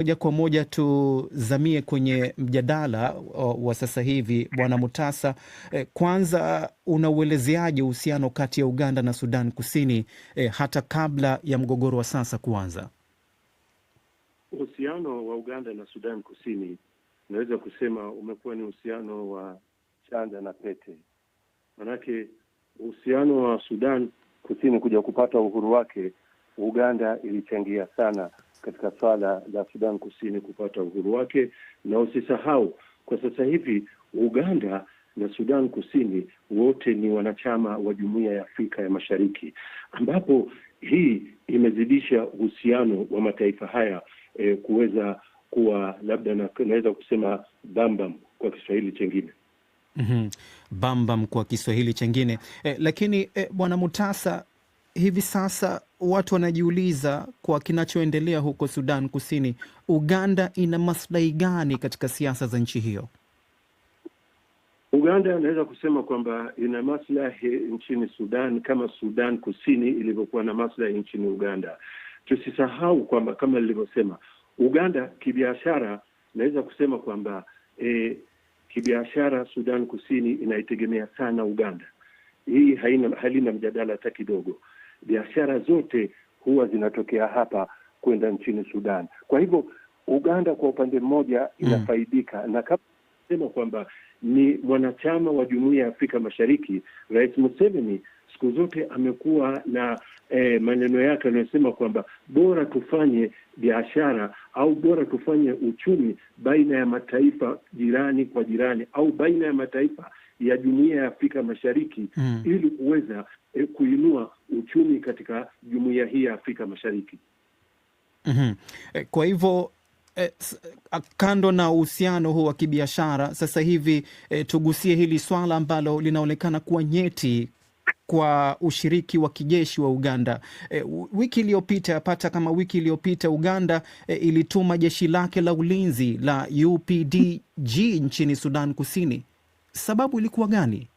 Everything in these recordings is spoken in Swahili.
Moja kwa moja tuzamie kwenye mjadala wa sasa hivi, Bwana Mutasa, e, kwanza unauelezeaje uhusiano kati ya Uganda na Sudan Kusini e, hata kabla ya mgogoro wa sasa kuanza? Uhusiano wa Uganda na Sudan Kusini unaweza kusema umekuwa ni uhusiano wa chanda na pete, manake uhusiano wa Sudan Kusini kuja kupata uhuru wake, Uganda ilichangia sana katika swala la Sudan Kusini kupata uhuru wake, na usisahau kwa sasa hivi Uganda na Sudan Kusini wote ni wanachama wa Jumuiya ya Afrika ya Mashariki, ambapo hii imezidisha uhusiano wa mataifa haya e, kuweza kuwa labda na, naweza kusema bambam kwa Kiswahili chengine mm -hmm. Bambam kwa Kiswahili chengine e, lakini e, Bwana Mutasa, hivi sasa watu wanajiuliza kwa kinachoendelea huko Sudan Kusini, Uganda ina maslahi gani katika siasa za nchi hiyo? Uganda anaweza kusema kwamba ina maslahi nchini Sudan kama Sudan Kusini ilivyokuwa na maslahi nchini Uganda. Tusisahau kwamba kama nilivyosema, Uganda kibiashara, naweza kusema kwamba e, kibiashara Sudan Kusini inaitegemea sana Uganda. Hii haina, halina mjadala hata kidogo biashara zote huwa zinatokea hapa kwenda nchini Sudan. Kwa hivyo Uganda kwa upande mmoja hmm. inafaidika mm. na kama sema kwamba ni mwanachama wa Jumuiya ya Afrika Mashariki, Rais Museveni siku zote amekuwa na e, maneno yake anayosema kwamba bora tufanye biashara au bora tufanye uchumi baina ya mataifa jirani kwa jirani au baina ya mataifa ya jumuiya ya Afrika Mashariki mm, ili kuweza e, kuinua uchumi katika jumuiya hii ya Afrika Mashariki. Mm -hmm. Kwa hivyo eh, kando na uhusiano huu wa kibiashara sasa hivi eh, tugusie hili swala ambalo linaonekana kuwa nyeti kwa ushiriki wa kijeshi wa Uganda. E, wiki iliyopita yapata kama wiki iliyopita Uganda e, ilituma jeshi lake la ulinzi la UPDG nchini Sudan Kusini. Sababu ilikuwa gani?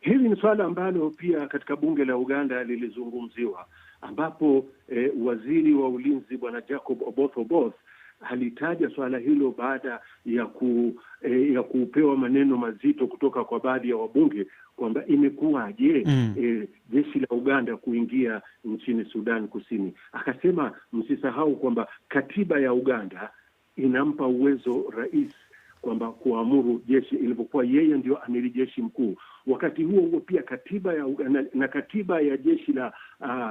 Hili ni suala ambalo pia katika bunge la Uganda lilizungumziwa ambapo e, waziri wa ulinzi bwana Jacob Oboth Oboth halitaja swala hilo baada ya ku, eh, ya kupewa maneno mazito kutoka kwa baadhi ya wabunge kwamba imekuwaje mm. eh, jeshi la Uganda kuingia nchini Sudan Kusini. Akasema msisahau kwamba katiba ya Uganda inampa uwezo rais kwamba kuamuru jeshi ilivyokuwa yeye ndio amiri jeshi mkuu. Wakati huo huo pia katiba ya Uganda, na katiba ya jeshi la uh,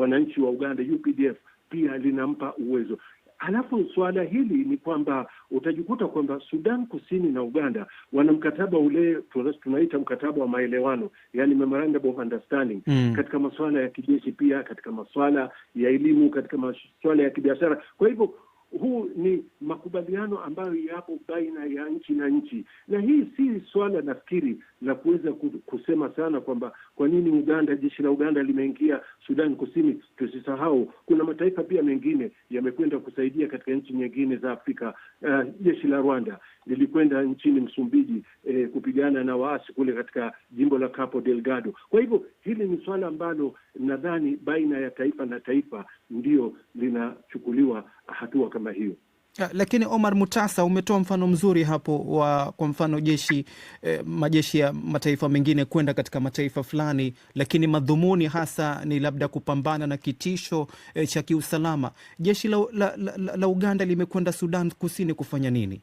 wananchi wa Uganda UPDF pia linampa uwezo. Alafu suala hili ni kwamba utajikuta kwamba Sudan Kusini na Uganda wana mkataba ule tunaita mkataba wa maelewano, yani memorandum of understanding mm. katika masuala ya kijeshi, pia katika masuala ya elimu, katika masuala ya kibiashara. Kwa hivyo huu ni makubaliano ambayo yapo baina ya nchi na nchi, na hii si swala nafikiri la kuweza kusema sana kwamba kwa nini Uganda, jeshi la Uganda limeingia Sudan Kusini. Tusisahau kuna mataifa pia mengine yamekwenda kusaidia katika nchi nyingine za Afrika, uh, jeshi la Rwanda lilikwenda nchini Msumbiji eh, kupigana na waasi kule katika jimbo la Cabo Delgado. Kwa hivyo hili ni swala ambalo nadhani baina ya taifa na taifa ndio linachukuliwa hatua kama hiyo. Ah, lakini Omar Mutasa, umetoa mfano mzuri hapo wa kwa mfano jeshi eh, majeshi ya mataifa mengine kwenda katika mataifa fulani, lakini madhumuni hasa ni labda kupambana na kitisho eh, cha kiusalama. Jeshi la, la, la, la Uganda limekwenda Sudan Kusini kufanya nini?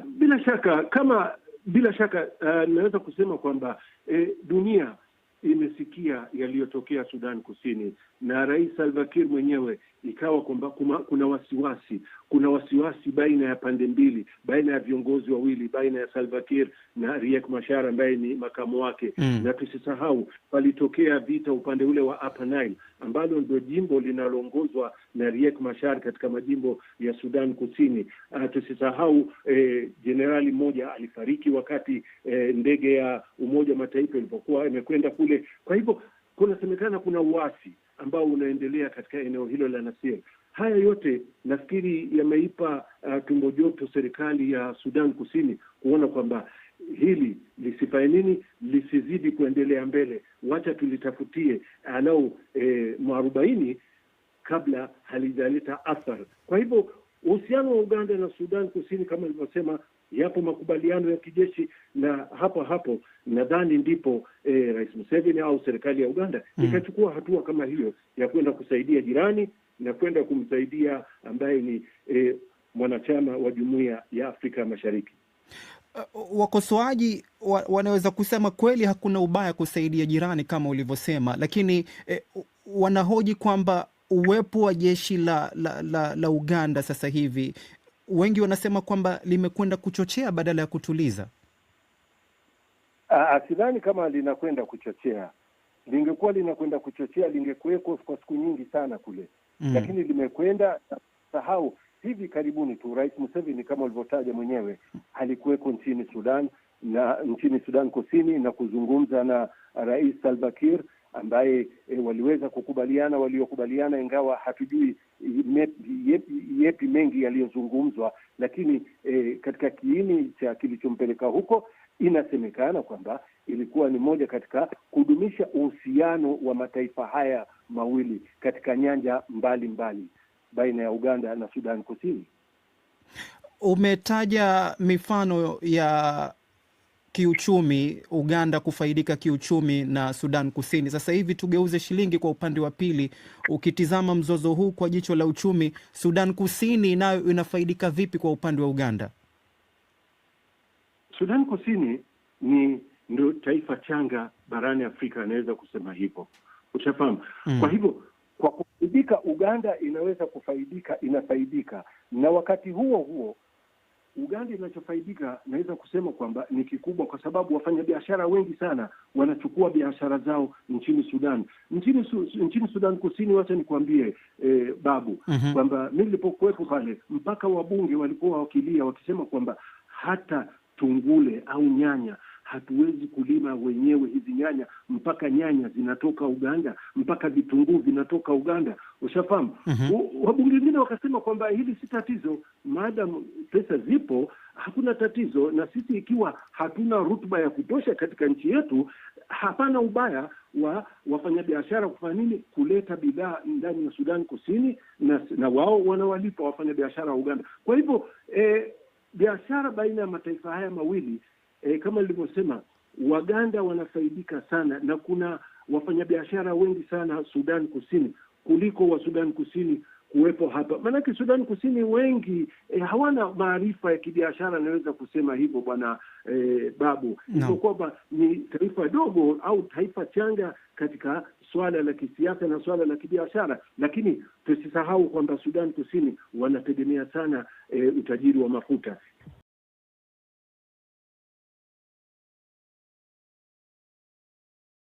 Bila shaka kama bila shaka uh, naweza kusema kwamba eh, dunia imesikia yaliyotokea Sudan Kusini na Rais Salva Kiir mwenyewe, ikawa kwamba kuna wasiwasi, kuna wasiwasi baina ya pande mbili, baina ya viongozi wawili, baina ya Salva Kiir na Riek Machar ambaye ni makamu wake mm. Na tusisahau palitokea vita upande ule wa Upper Nile ambalo ndio jimbo linaloongozwa na Riek Machar katika majimbo ya Sudan Kusini. Uh, tusisahau eh, jenerali eh, mmoja alifariki wakati eh, ndege ya Umoja wa Mataifa ilipokuwa imekwenda kule. Kwa hivyo kunasemekana kuna uasi ambao unaendelea katika eneo hilo la Nasir. Haya yote nafikiri yameipa uh, tumbo joto serikali ya Sudan Kusini kuona kwamba hili lisifainini nini, lisizidi kuendelea mbele, wacha tulitafutie alau e, eh, mwarobaini kabla halijaleta athari. Kwa hivyo uhusiano wa Uganda na Sudan Kusini kama ilivyosema yapo makubaliano ya kijeshi, na hapo hapo nadhani ndipo e, Rais Museveni au serikali ya Uganda mm, ikachukua hatua kama hiyo ya kwenda kusaidia jirani na kwenda kumsaidia ambaye ni e, mwanachama wa Jumuiya ya Afrika Mashariki. Uh, wakosoaji wa, wanaweza kusema kweli hakuna ubaya kusaidia jirani kama ulivyosema, lakini eh, wanahoji kwamba uwepo wa jeshi la, la, la, la Uganda sasa hivi wengi wanasema kwamba limekwenda kuchochea badala ya kutuliza. Sidhani kama linakwenda kuchochea. Lingekuwa linakwenda kuchochea, lingekuwekwa kwa siku nyingi sana kule mm. Lakini limekwenda sahau. Hivi karibuni tu Rais Museveni kama ulivyotaja mwenyewe alikuweko nchini Sudan na nchini Sudan Kusini na kuzungumza na Rais Salva Kiir ambaye e, waliweza kukubaliana waliokubaliana, ingawa hatujui eh, yepi, yepi mengi yaliyozungumzwa, lakini e, katika kiini cha kilichompeleka huko inasemekana kwamba ilikuwa ni moja katika kudumisha uhusiano wa mataifa haya mawili katika nyanja mbalimbali mbali, baina ya Uganda na Sudan Kusini. Umetaja mifano ya kiuchumi, Uganda kufaidika kiuchumi na Sudan Kusini. Sasa hivi tugeuze shilingi kwa upande wa pili, ukitizama mzozo huu kwa jicho la uchumi, Sudan Kusini nayo inafaidika vipi kwa upande wa Uganda? Sudan Kusini ni ndio taifa changa barani Afrika, anaweza kusema hivyo, utafahamu mm. Kwa hivyo kwa kufaidika, Uganda inaweza kufaidika, inafaidika na wakati huo huo Uganda inachofaidika naweza kusema kwamba ni kikubwa, kwa sababu wafanyabiashara wengi sana wanachukua biashara zao nchini Sudan, nchini, su, nchini Sudan Kusini. Wacha nikuambie eh, babu mm -hmm. kwamba mi nilipokuwepo pale mpaka wabunge walikuwa wakilia wakisema kwamba hata tungule au nyanya hatuwezi kulima wenyewe hizi nyanya mpaka nyanya zinatoka Uganda, mpaka vitunguu vinatoka Uganda. Ushafahamu? mm -hmm. Wabunge wengine wakasema kwamba hili si tatizo, maadamu pesa zipo hakuna tatizo, na sisi ikiwa hatuna rutuba ya kutosha katika nchi yetu, hapana ubaya wa wafanyabiashara kufanya nini, kuleta bidhaa ndani ya Sudan Kusini, na, na wao wanawalipa wafanyabiashara wa Uganda. Kwa hivyo eh, biashara baina ya mataifa haya mawili e, kama nilivyosema Waganda wanafaidika sana na kuna wafanyabiashara wengi sana Sudan Kusini kuliko wa Sudan Kusini kuwepo hapa, maanake Sudan Kusini wengi e, hawana maarifa ya kibiashara, anaweza kusema hivyo bwana e, Babu no. So kwamba ni taifa dogo au taifa changa katika swala la kisiasa na swala la kibiashara, lakini tusisahau kwamba Sudan Kusini wanategemea sana e, utajiri wa mafuta.